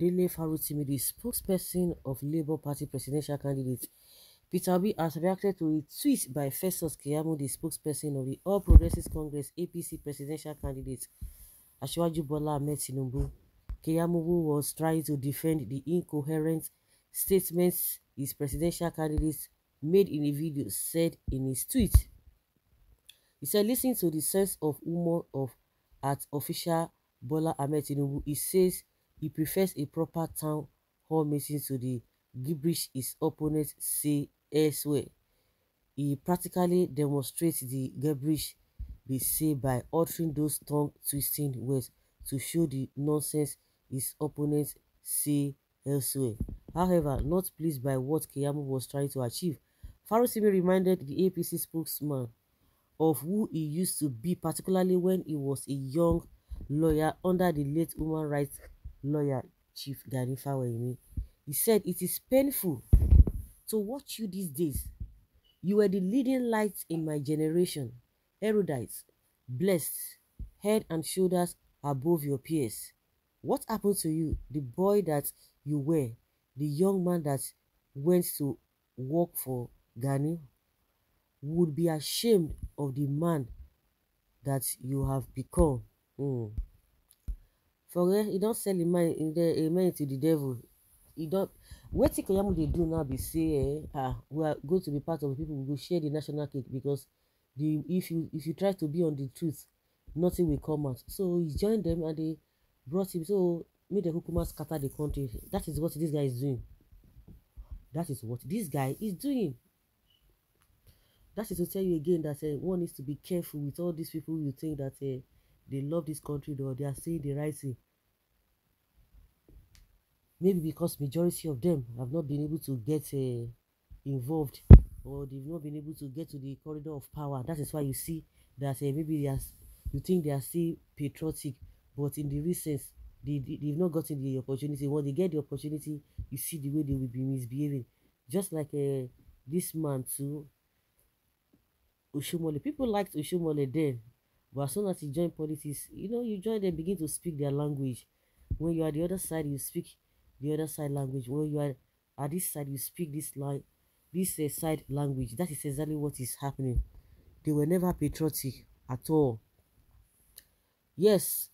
Dele Farutimi, spokesperson of Labour Party presidential candidate Peter Obi, has reacted to a tweet by Festus Keyamo, the spokesperson of the All Progressives Congress APC presidential candidate Ashwaju Bola Ahmed Tinubu. Keyamo, who was trying to defend the incoherent statements his presidential candidate made in a video, said in his tweet. He said, listen to the sense of humor of at official Bola Ahmed Tinubu. He says He prefers a proper town hall meeting to the gibberish his opponents say elsewhere. He practically demonstrates the gibberish they say by uttering those tongue-twisting words to show the nonsense his opponents say elsewhere. However, not pleased by what Keyamo was trying to achieve, Farosimi reminded the APC spokesman of who he used to be, particularly when he was a young lawyer under the late Human Rights lawyer Chief Gani Fawemi. He said, It is painful to watch you these days. You were the leading light in my generation, erudite, blessed, head and shoulders above your peers. What happened to you, the boy that you were, the young man that went to work for Gani, would be ashamed of the man that you have become. Mm. for real he don sell him e mind im e de im e mind to the devil e don wetin keyamo dey do now be say eh ah we are going to be part of the people we go share the national cake because the if you if you try to be on the truth nothing will come out so he joined them and they brought him so make the kukuma scatter the country that is what this guy is doing that is what this guy is doing that is to tell you again that uh, one needs to be careful with all these people you think that uh, they love this country or they are saying the right thing maybe because majority of them have not been able to get uh, involved or they've not been able to get to the corridor of power that is why you see that uh, maybe they are you think they are still patriotic but in the recent they, they they've not gotten the opportunity when they get the opportunity you see the way they will be misbehaving just like uh, this man too Oshomole people liked Oshomole then But as soon as you join politics, you know, you join them, begin to speak their language. When you are the other side, you speak the other side language. When you are at this side, you speak this line, this uh, side language. That is exactly what is happening. They were never patriotic at all. Yes,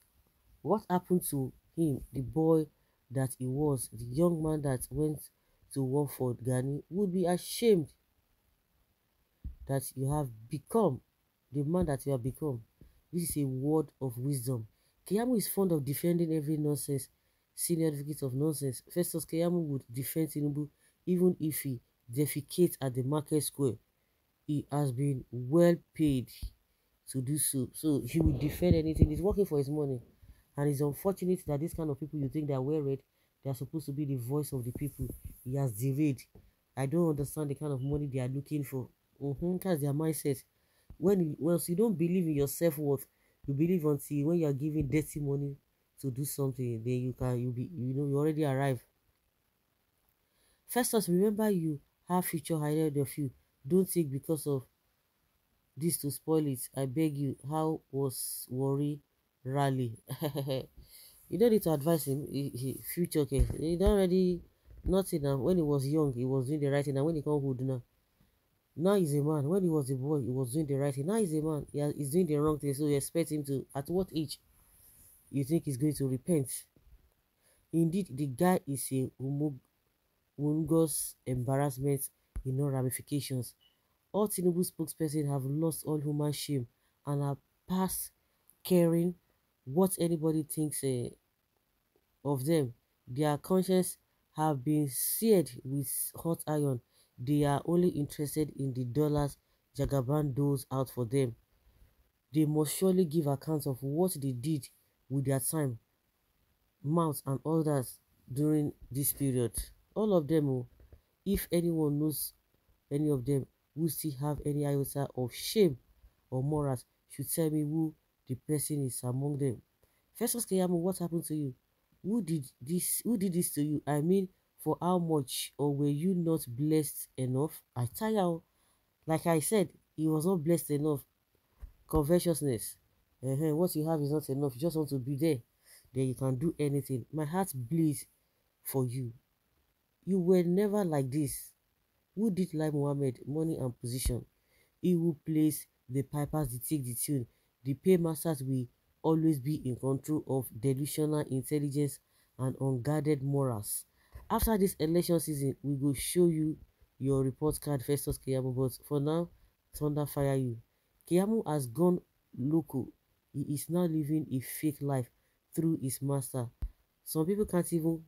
what happened to him, the boy that he was, the young man that went to war for Ghani, would be ashamed that you have become the man that you have become. This is a word of wisdom. Kiyamu is fond of defending every nonsense, senior advocate of nonsense. Festus Kiyamu would defend Tinubu even if he defecates at the market square. He has been well paid to do so. So he will defend anything. He's working for his money. And it's unfortunate that this kind of people you think they are well read, they are supposed to be the voice of the people. He has derailed. I don't understand the kind of money they are looking for. Mm-hmm, that's their mindset. when once you don't believe in your self worth you believe until when you are giving dirty money to do something then you can you be you know you already arrive First Festus remember you have future ahead of you don't take because of this to spoil it i beg you how was worry rally you don't need to advise him he, future case he don already nothing now when he was young he was doing the right thing and when he come old now Now he's a man. When he was a boy, he was doing the right thing. Now he's a man. He has, he's doing the wrong thing. So you expect him to, at what age you think he's going to repent? Indeed, the guy is a humongous embarrassment in all ramifications. All Tinubu spokesperson have lost all human shame and are past caring what anybody thinks uh, of them. Their conscience have been seared with hot iron they are only interested in the dollars Jagaban does out for them. They must surely give accounts of what they did with their time, mouth, and others during this period. All of them, oh, if anyone knows any of them who still have any iota of shame or morals, should tell me who the person is among them. Festus Kayamu, what happened to you? Who did this? Who did this to you? I mean, for how much or were you not blessed enough? I tell you, like I said, he was not blessed enough. Covetousness. Uh-huh. What you have is not enough. You just want to be there. Then you can do anything. My heart bleeds for you. You were never like this. Who did like Muhammad? Money and position. He who plays the pipers, the take the tune. The paymasters will always be in control of delusional intelligence and unguarded morals. after this election season we go show you your report card festus keyamo but for now thunder fire you keyamo has gone local he is now living a fake life through his master some people can't even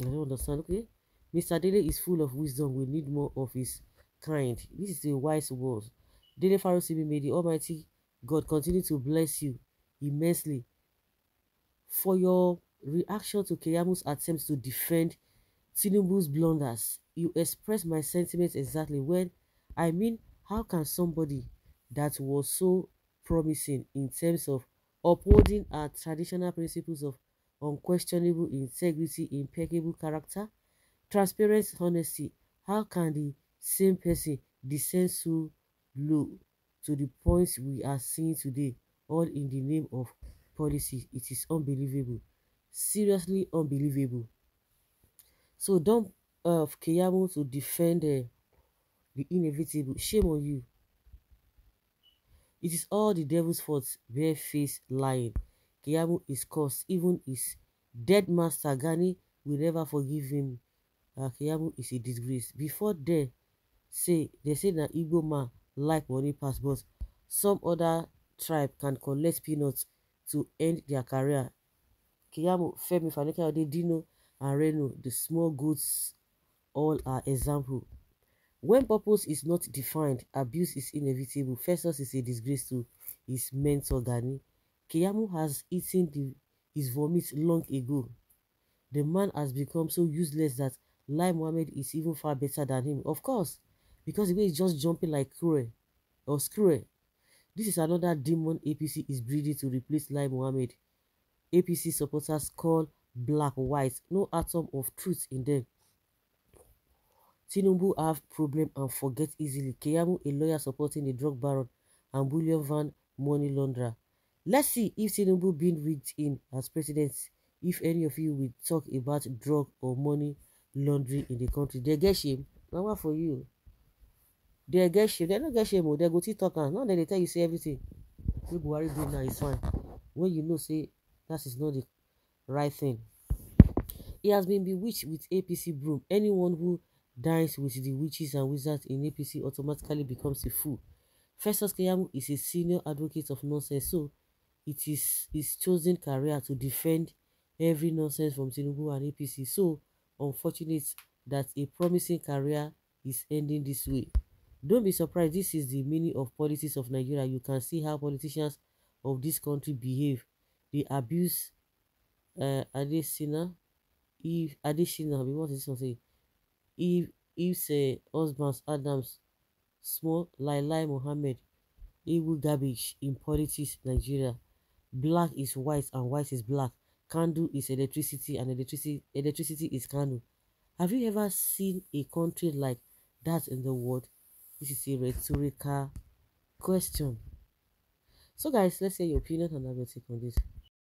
i don't understand okay mr dele is full of wisdom we need more of his kind this is a wise word dele farosibi may the almighty god continue to bless you immensely for your Reaction to Keyamu's attempts to defend Tinubu's blunders. You express my sentiments exactly when I mean, how can somebody that was so promising in terms of upholding our traditional principles of unquestionable integrity, impeccable character, transparency, honesty, how can the same person descend so low to the points we are seeing today, all in the name of policy? It is unbelievable. seriously unbelievable. So don't, uh, Keyamo to defend uh, the inevitable. Shame on you. It is all the devil's fault, bare barefaced lying. Keyamo is cursed. Even his dead master Gani will never forgive him. Uh, Keyamo is a disgrace. Before they say they say that Igbo man like money pass, but some other tribe can collect peanuts to end their career Keyamo, Femi Fani-Kayode, Dino, and Reno, the small goods, all are example. When purpose is not defined, abuse is inevitable. Festus is a disgrace to his mentor Gani. Keyamo has eaten the, his vomit long ago. The man has become so useless that Lai Mohammed is even far better than him. Of course, because he is just jumping like Kure or Skure. This is another demon APC is breeding to replace Lai Mohammed. APC supporters call black white, no atom of truth in them. Tinubu have problem and forget easily. Keyamu, a lawyer supporting the drug baron and William van money launderer. Let's see if Tinubu being rigged in as president, if any of you will talk about drug or money laundering in the country. They get shame. Mama for you. They get shame. They don't get shame. They go to talk and now they tell you say everything. Say Buhari doing now is fine. When you know say That is not the right thing. He has been bewitched with APC broom. Anyone who dines with the witches and wizards in APC automatically becomes a fool. Festus Keyamo is a senior advocate of nonsense, so it is his chosen career to defend every nonsense from Tinubu and APC. So unfortunate that a promising career is ending this way. Don't be surprised, this is the meaning of politics of Nigeria. You can see how politicians of this country behave the abuse uh, Adesina, Eve Adesina, what is this say? if if say eh, husband Adams, small Lailai Mohammed, evil garbage in politics Nigeria. Black is white and white is black. Candle is electricity and electricity electricity is candle. Have you ever seen a country like that in the world? This is a rhetorical question. So guys, let's hear your opinion and have your take on this.